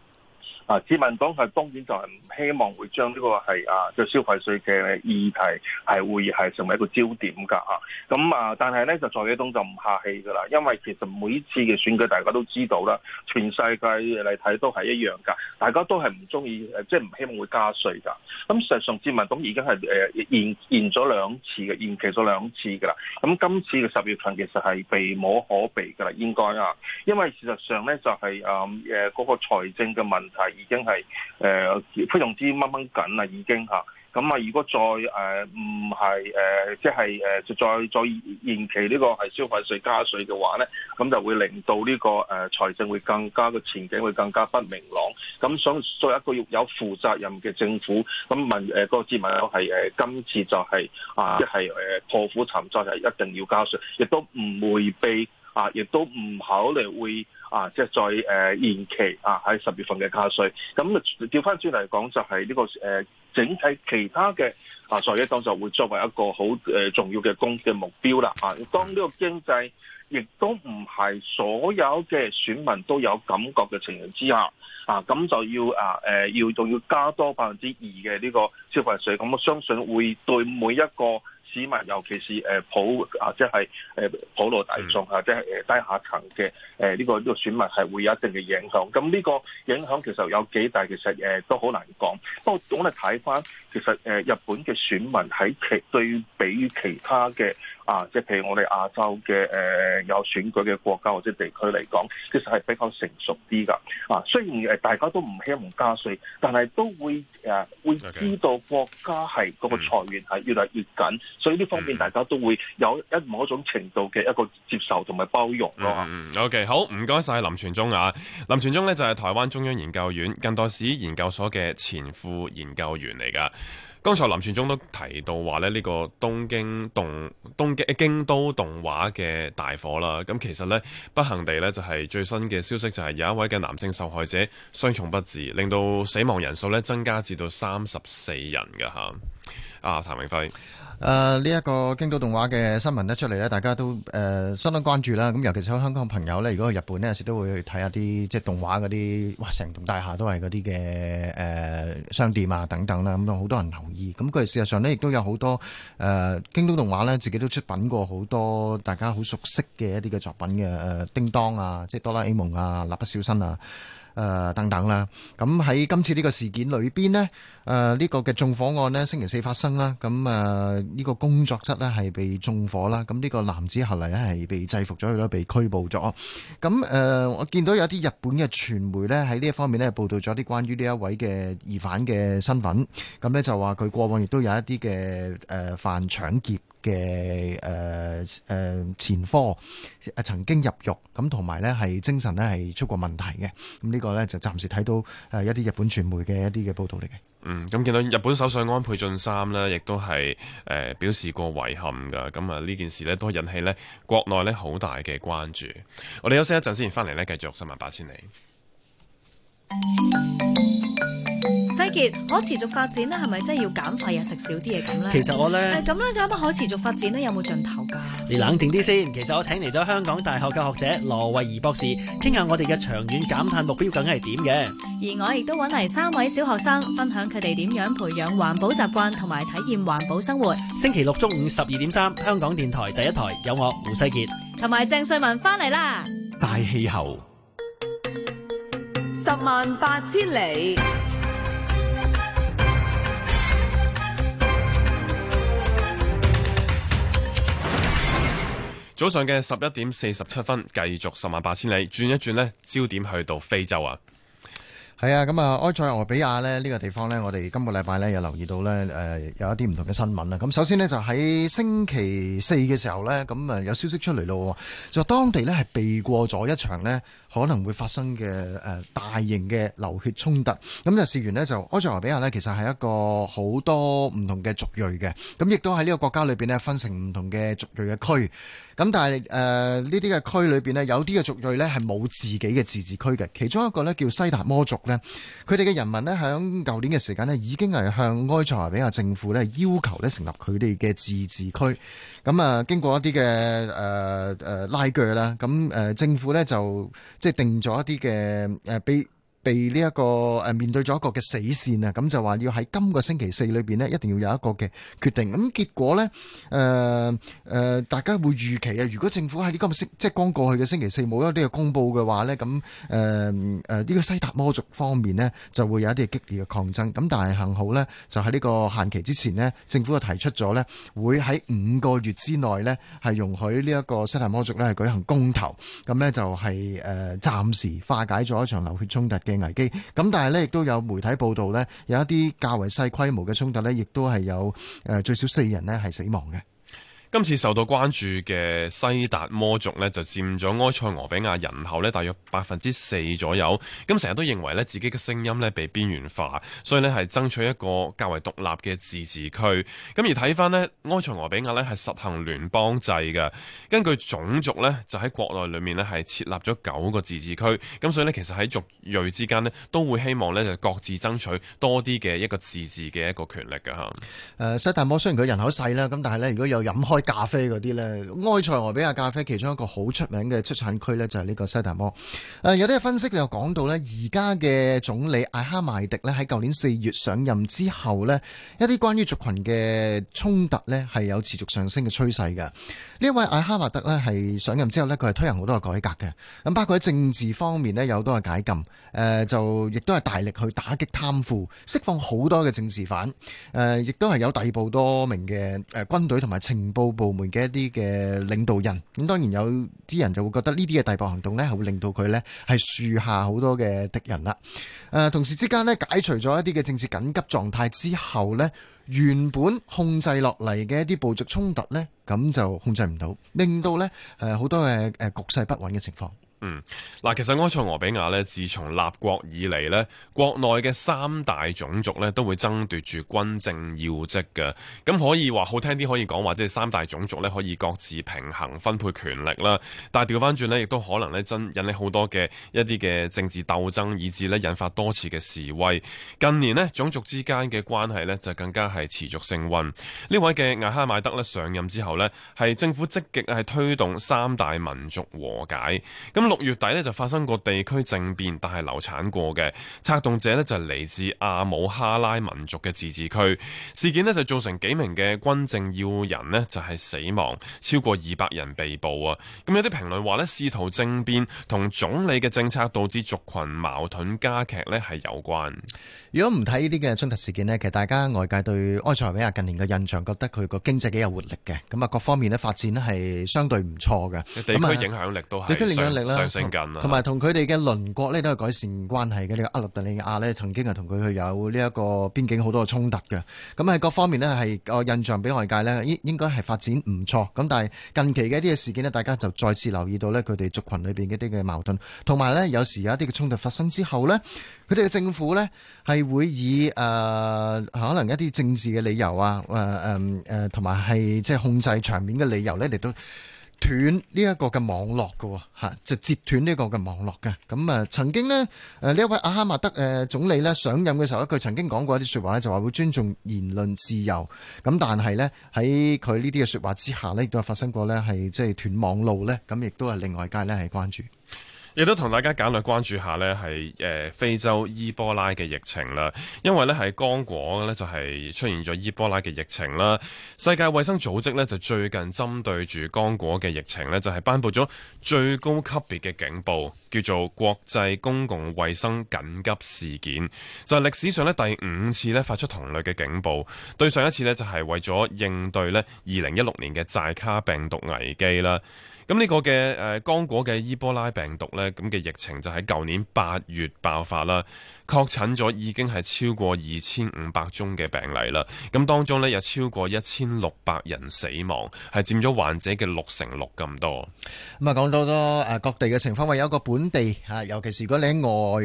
啊！自民黨係當然就係唔希望會將呢個係啊嘅消費稅嘅議題係會係成為一個焦點㗎嚇。咁啊，但係咧就在野黨就唔客氣㗎啦，因為其實每一次嘅選舉大家都知道啦，全世界嚟睇都係一樣㗎，大家都係唔中意誒，即係唔希望會加稅㗎。咁實質上自民黨已經係誒延延咗兩次嘅延期咗兩次㗎啦。咁今次嘅十月份其實係避無可避㗎啦，應該啊，因為事實上咧就係誒誒嗰個財政嘅問題。已經係誒、呃、非常之掹掹緊啦，已經嚇。咁啊，如果再誒唔係誒，即係誒、呃、再再延期呢個係消費稅加稅嘅話咧，咁就會令到呢、這個誒、呃、財政會更加嘅前景會更加不明朗。咁想作為一個有負責任嘅政府，咁問誒、呃那個市民係誒今次就係、是、啊，即係誒破釜沉舟就一定要加稅，亦都唔迴避啊，亦都唔考慮會。啊，即係再延期啊，喺十月份嘅加稅。咁啊，調翻轉嚟講，就係呢個誒整體其他嘅啊稅額當中就會作為一個好誒重要嘅公嘅目標啦。啊，當呢個經濟亦都唔係所有嘅選民都有感覺嘅情形之下，啊，咁就要啊，啊要仲要加多百分之二嘅呢個消費稅。咁我相信會對每一個。市民尤其是誒普啊，即係誒普羅大眾啊，即係誒低下層嘅誒呢個呢個選民係會有一定嘅影響。咁呢個影響其實有幾大，其實誒都好難講。不過我哋睇翻其實誒日本嘅選民喺其對比其他嘅。啊，即係譬如我哋亞洲嘅誒、呃、有選舉嘅國家或者地區嚟講，其實係比較成熟啲㗎。啊，雖然大家都唔希望加稅，但係都會誒、呃、會知道國家係嗰個財源係越嚟越緊，okay. 所以呢方面大家都會有一某種程度嘅一個接受同埋包容咯。嗯，OK，好，唔該晒林全忠啊。林全忠呢就係台灣中央研究院近代史研究所嘅前副研究員嚟㗎。剛才林傳中都提到話呢，呢個東京動東京京都動畫嘅大火啦，咁其實呢，不幸地呢，就係最新嘅消息就係有一位嘅男性受害者傷重不治，令到死亡人數呢增加至到三十四人㗎。吓。啊，譚明輝，誒呢一個京都動畫嘅新聞咧出嚟咧，大家都誒、呃、相當關注啦。咁尤其是香港朋友咧，如果去日本咧，有時都會去睇下啲即係動畫嗰啲，哇！成棟大廈都係嗰啲嘅誒商店啊等等啦，咁都好多人留意。咁佢事實上呢，亦都有好多誒、呃、京都動畫呢，自己都出品過好多大家好熟悉嘅一啲嘅作品嘅誒、呃、叮當啊，即係哆啦 A 夢啊、蠟筆小新啊。誒等等啦，咁喺今次呢個事件裏邊咧，誒呢個嘅縱火案咧，星期四發生啦，咁誒呢個工作室咧係被縱火啦，咁呢個男子後嚟咧係被制服咗佢啦，被拘捕咗。咁誒，我見到有啲日本嘅傳媒咧喺呢一方面咧報道咗啲關於呢一位嘅疑犯嘅身份，咁咧就話佢過往亦都有一啲嘅誒犯搶劫。嘅誒誒前科曾經入獄，咁同埋呢係精神呢係出過問題嘅，咁呢個呢，就暫時睇到誒一啲日本傳媒嘅一啲嘅報道嚟嘅。嗯，咁見到日本首相安倍晉三呢，亦都係誒表示過遺憾㗎，咁啊呢件事呢，都引起呢國內呢好大嘅關注。我哋休息一陣先，返嚟呢繼續十萬八千里。嗯嗯嗯嗯嗯嗯嗯可持續發展咧，係咪真係要減肥啊，食少啲嘢咁咧？其實我咧、哎，咁咧，咁啊，可持續發展咧，有冇盡頭噶？你冷靜啲先。其實我請嚟咗香港大學嘅學者羅慧儀博士，傾下我哋嘅長遠減碳目標究竟係點嘅。而我亦都揾嚟三位小學生，分享佢哋點樣培養環保習慣同埋體驗環保生活。星期六中午十二點三，香港電台第一台有我胡世傑，同埋鄭瑞文翻嚟啦。大氣候，十萬八千里。早上嘅十一點四十七分，繼續十萬八千里轉一轉咧，焦點去到非洲啊，係啊，咁啊，埃塞俄比亞咧呢、這個地方呢，我哋今個禮拜呢，有留意到呢誒、呃，有一啲唔同嘅新聞啦。咁首先呢，就喺星期四嘅時候呢，咁啊有消息出嚟咯，就當地呢，係避過咗一場呢。可能會發生嘅誒大型嘅流血衝突，咁就事緣呢，就埃塞俄比亞呢，其實係一個好多唔同嘅族裔嘅，咁亦都喺呢個國家裏面呢，分成唔同嘅族裔嘅區，咁但係誒呢啲嘅區裏面呢，有啲嘅族裔呢，係冇自己嘅自治區嘅，其中一個呢，叫西達摩族呢，佢哋嘅人民呢，喺舊年嘅時間呢，已經係向埃塞俄比亞政府呢要求呢，成立佢哋嘅自治區，咁啊經過一啲嘅誒誒拉鋸啦，咁、呃、政府呢，就。即係定咗一啲嘅誒被。被呢一個誒面對咗一個嘅死線啊，咁就話要喺今個星期四裏邊咧，一定要有一個嘅決定。咁結果咧，誒誒，大家會預期啊，如果政府喺呢今個星即係剛過去嘅星期四冇一啲嘅公佈嘅話咧，咁誒誒呢個西達摩族方面咧就會有一啲激烈嘅抗爭。咁但係幸好咧，就喺呢個限期之前咧，政府就提出咗咧，會喺五個月之內咧係容許呢一個西達摩族咧係舉行公投。咁咧就係誒暫時化解咗一場流血衝突嘅嘅危機，咁但係咧，亦都有媒體報道呢，有一啲較為細規模嘅衝突呢，亦都係有誒最少四人呢係死亡嘅。今次受到關注嘅西達摩族呢，就佔咗埃塞俄比亞人口呢，大約百分之四左右。咁成日都認為呢自己嘅聲音呢被邊緣化，所以呢係爭取一個較為獨立嘅自治區。咁而睇返呢，埃塞俄比亞呢係實行聯邦制嘅，根據種族呢，就喺國內裏面呢係設立咗九個自治區。咁所以呢，其實喺族裔之間呢，都會希望呢就各自爭取多啲嘅一個自治嘅一個權力㗎。嚇、呃。西達摩雖然佢人口細啦，咁但係呢，如果有飲開。咖啡嗰啲呢，埃塞俄比亞咖啡其中一個好出名嘅出產區呢，就係呢個西達摩。誒，有啲分析又講到呢，而家嘅總理艾哈邁迪呢，喺舊年四月上任之後呢，一啲關於族群嘅衝突呢，係有持續上升嘅趨勢嘅。呢位艾哈邁德呢，係上任之後呢，佢係推行好多嘅改革嘅，咁包括喺政治方面呢，有好多嘅解禁，就亦都係大力去打擊貪腐，釋放好多嘅政治犯，亦都係有逮捕多名嘅誒軍隊同埋情報，部門嘅一啲嘅領導人，咁當然有啲人就會覺得呢啲嘅大捕行動呢，會令到佢呢係樹下好多嘅敵人啦。誒，同時之間呢，解除咗一啲嘅政治緊急狀態之後呢，原本控制落嚟嘅一啲部族衝突呢，咁就控制唔到，令到呢，誒好多嘅誒，局勢不穩嘅情況。嗯，嗱，其實埃塞俄比亞咧，自從立國以嚟咧，國內嘅三大種族咧，都會爭奪住軍政要職嘅。咁可以話好聽啲，可以講話即係三大種族咧，可以各自平衡分配權力啦。但係調翻轉呢，亦都可能咧，真引起好多嘅一啲嘅政治鬥爭，以至呢引發多次嘅示威。近年呢，種族之間嘅關係呢就更加係持續升溫。呢位嘅艾哈邁德咧上任之後呢，係政府積極係推動三大民族和解。咁六月底呢，就發生過地區政變，但係流產過嘅策動者呢，就係嚟自阿姆哈拉民族嘅自治區。事件呢，就造成幾名嘅軍政要人呢，就係死亡，超過二百人被捕啊。咁有啲評論話呢，試圖政變同總理嘅政策導致族群矛盾加劇呢係有關。如果唔睇呢啲嘅衝突事件呢，其實大家外界對埃塞俄比亞近年嘅印象覺得佢個經濟幾有活力嘅，咁啊各方面呢發展是是、啊、呢，係相對唔錯嘅。地區影響力都係地區影響力咧。同埋同佢哋嘅鄰國呢，都係改善關係嘅。呢個厄立特利亞呢，曾經係同佢去有呢一個邊境好多嘅衝突嘅，咁喺各方面呢，係個印象俾外界呢，應應該係發展唔錯。咁但係近期嘅一啲嘅事件呢，大家就再次留意到呢，佢哋族群裏面一啲嘅矛盾，同埋呢，有時有一啲嘅衝突發生之後呢，佢哋嘅政府呢，係會以、呃、可能一啲政治嘅理由啊、呃、呃、呃同埋係即係控制場面嘅理由呢，嚟到。斷呢一個嘅網絡嘅喎，嚇就截斷呢個嘅網絡嘅。咁啊，曾經咧，誒呢一位阿哈馬德誒總理咧上任嘅時候，佢曾經講過一啲説話咧，就話會尊重言論自由。咁但係咧喺佢呢啲嘅説話之下咧，亦都係發生過咧係即係斷網路咧。咁亦都係另外一界咧係關注。亦都同大家簡略關注下呢係、呃、非洲伊波拉嘅疫情啦。因為呢喺剛果呢就係、是、出現咗伊波拉嘅疫情啦。世界衛生組織呢，就最近針對住剛果嘅疫情呢，就係、是、頒布咗最高級別嘅警報，叫做國際公共衛生緊急事件，就係、是、歷史上呢第五次呢發出同類嘅警報。對上一次呢，就係、是、為咗應對呢二零一六年嘅寨卡病毒危機啦。咁呢、個嘅誒、呃、剛果嘅伊波拉病毒呢，咁嘅疫情就喺舊年八月爆發啦。確診咗已經係超過二千五百宗嘅病例啦，咁當中呢，有超過一千六百人死亡，係佔咗患者嘅六成六咁多。咁啊，講到多誒各地嘅情況，話有一個本地吓，尤其是如果你喺外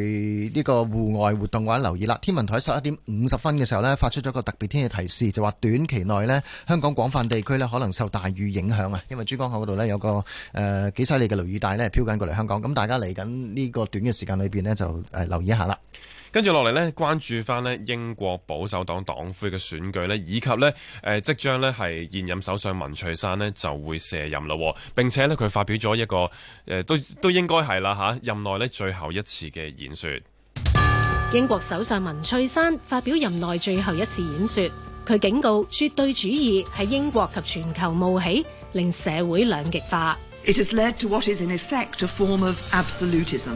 呢個戶外活動嘅話，留意啦。天文台十一點五十分嘅時候呢，發出咗一個特別天氣提示，就話短期內呢，香港廣泛地區呢，可能受大雨影響啊，因為珠江口嗰度呢，有個誒幾犀利嘅雷雨帶呢飄緊過嚟香港，咁大家嚟緊呢個短嘅時間裏邊呢，就誒留意一下啦。跟住落嚟咧，關注翻咧英國保守黨黨魁嘅選舉咧，以及咧誒即將咧係現任首相文翠珊呢就會卸任咯，並且咧佢發表咗一個誒都都應該係啦吓任內咧最後一次嘅演說。英國首相文翠珊發表任內最後一次演說，佢警告絕對主義係英國及全球冒起，令社會兩極化。It has led to what is in effect a form of absolutism.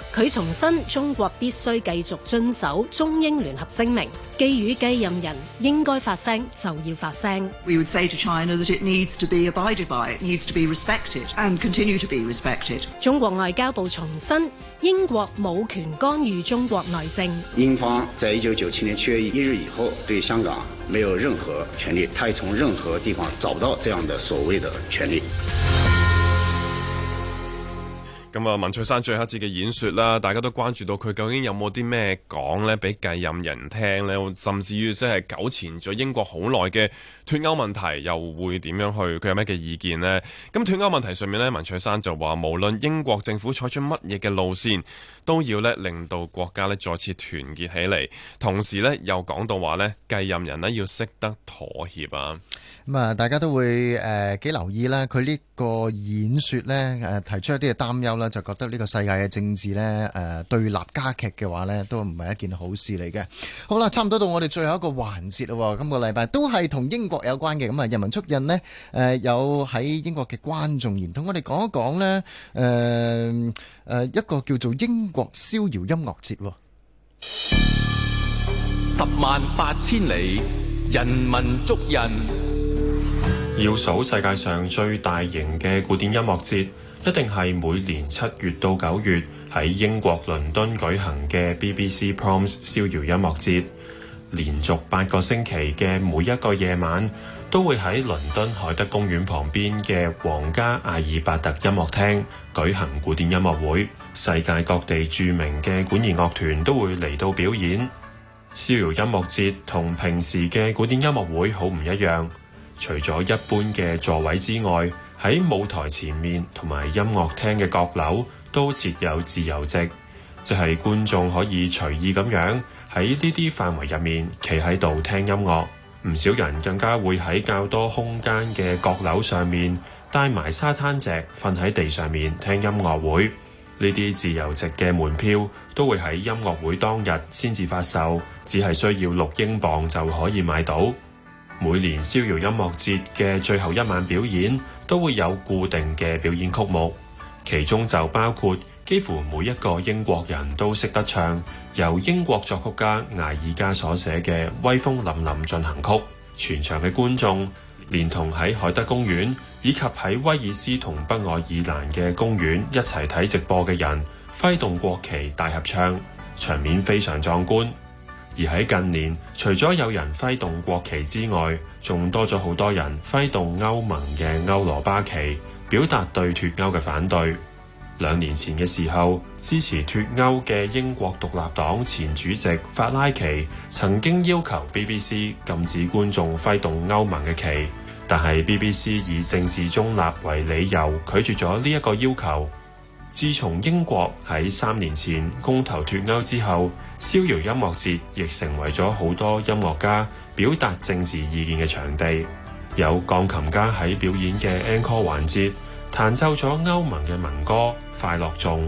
佢重申，中國必須繼續遵守中英聯合聲明，寄語繼任人應該發聲就要發聲。We would say to China it needs to be abided by, it, needs to be respected, and continue to be respected。中國外交部重申，英國冇權干預中國內政。英方在一九九七年七月一日以後，對香港沒有任何權利，他從任何地方找不到這樣的所謂的權利。咁啊，文翠珊最後一次嘅演說啦，大家都關注到佢究竟有冇啲咩講呢，俾繼任人聽呢，甚至於即係糾纏咗英國好耐嘅脱歐問題又會點樣去？佢有咩嘅意見呢？咁脱歐問題上面呢，文翠珊就話無論英國政府採取乜嘢嘅路線，都要呢，令到國家呢，再次團結起嚟，同時呢，又講到話呢，繼任人呢，要識得妥協啊。咁啊，大家都會誒幾留意咧，佢呢個演説咧誒提出一啲嘅擔憂啦，就覺得呢個世界嘅政治咧誒對立加劇嘅話咧，都唔係一件好事嚟嘅。好啦，差唔多到我哋最後一個環節啦，今個禮拜都係同英國有關嘅，咁啊人民足印咧誒有喺英國嘅觀眾連同我哋講一講咧誒誒一個叫做英國逍遙音樂節，十萬八千里人民足印。要數世界上最大型嘅古典音樂節，一定係每年七月到九月喺英國倫敦舉行嘅 BBC Proms 逍遙音樂節。連續八個星期嘅每一個夜晚，都會喺倫敦海德公園旁邊嘅皇家阿爾伯特音樂廳舉行古典音樂會。世界各地著名嘅管弦樂團都會嚟到表演。逍遙音樂節同平時嘅古典音樂會好唔一樣。除咗一般嘅座位之外，喺舞台前面同埋音樂廳嘅閣樓都設有自由席，即係觀眾可以隨意咁樣喺呢啲範圍入面企喺度聽音樂。唔少人更加會喺較多空間嘅閣樓上面帶埋沙灘席，瞓喺地上面聽音樂會。呢啲自由席嘅門票都會喺音樂會當日先至發售，只係需要六英鎊就可以買到。每年逍遙音樂節嘅最後一晚表演都會有固定嘅表演曲目，其中就包括幾乎每一個英國人都識得唱由英國作曲家艾爾加所寫嘅《威風凜凜進行曲》。全場嘅觀眾，連同喺海德公園以及喺威爾斯同北愛爾蘭嘅公園一齊睇直播嘅人，揮動國旗大合唱，場面非常壯觀。而喺近年，除咗有人揮動國旗之外，仲多咗好多人揮動歐盟嘅歐羅巴旗，表達對脱歐嘅反對。兩年前嘅時候，支持脱歐嘅英國獨立黨前主席法拉奇曾經要求 BBC 禁止觀眾揮動歐盟嘅旗，但係 BBC 以政治中立為理由拒絕咗呢一個要求。自從英國喺三年前公投脱歐之後，逍遙音樂節亦成為咗好多音樂家表達政治意見嘅場地。有鋼琴家喺表演嘅安歌環節彈奏咗歐盟嘅民歌《快樂頌》，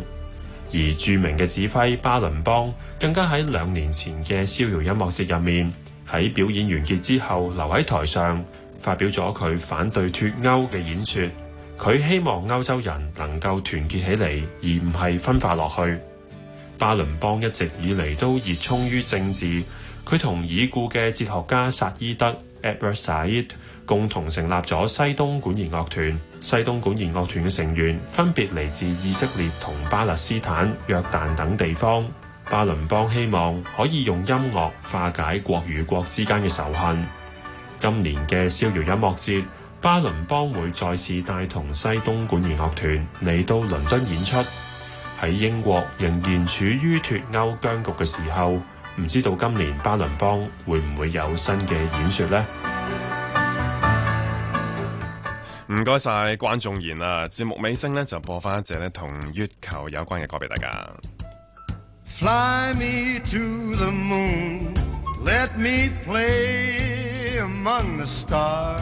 而著名嘅指揮巴倫邦更加喺兩年前嘅逍遙音樂節入面，喺表演完結之後留喺台上發表咗佢反對脱歐嘅演說。佢希望歐洲人能夠團結起嚟，而唔係分化落去。巴倫邦一直以嚟都熱衷於政治，佢同已故嘅哲學家薩伊德 （Edward Said） 共同成立咗西東管弦樂團。西東管弦樂團嘅成員分別嚟自以色列同巴勒斯坦、約旦等地方。巴倫邦希望可以用音樂化解國與國之間嘅仇恨。今年嘅逍遙音樂節，巴倫邦會再次帶同西東管弦樂團嚟到倫敦演出。喺英國仍然處於脫歐僵局嘅時候，唔知道今年巴倫邦會唔會有新嘅演說呢？唔該晒觀眾賢啊。節目尾聲呢就播翻一隻呢同月球有關嘅歌俾大家。Fly me to the moon, let me play among the stars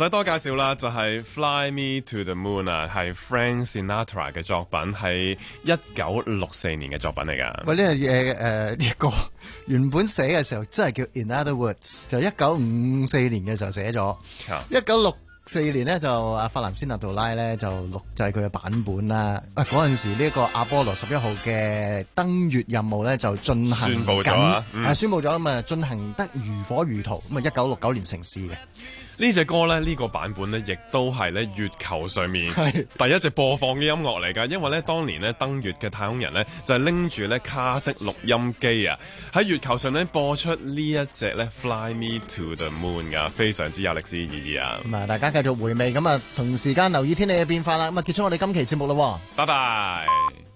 唔使多介紹啦，就係、是、Fly Me to the Moon 啊，係 Frank Sinatra 嘅作品，係一九六四年嘅作品嚟㗎。喂、呃，呢、這個嘢誒呢個原本寫嘅時候真係叫 In Other Words，就一九五四年嘅時候寫咗。一九六四年呢，就阿法蘭辛納杜拉咧就錄製佢嘅版本啦。喂、啊，嗰陣時呢個阿波羅十一號嘅登月任務咧就進行緊，誒宣佈咗咁啊、嗯，進行得如火如荼，咁啊一九六九年成事嘅。這歌呢隻歌咧，呢、這個版本咧，亦都係咧月球上面第一隻播放嘅音樂嚟㗎。 *laughs* 因為咧，當年咧登月嘅太空人咧，就係拎住咧卡式錄音機啊，喺月球上呢播出呢一隻咧《Fly Me To The Moon》㗎，非常之有歷史意義啊！咁啊，大家繼續回味，咁啊，同時間留意天氣嘅變化啦。咁啊，結束我哋今期節目喎，拜拜。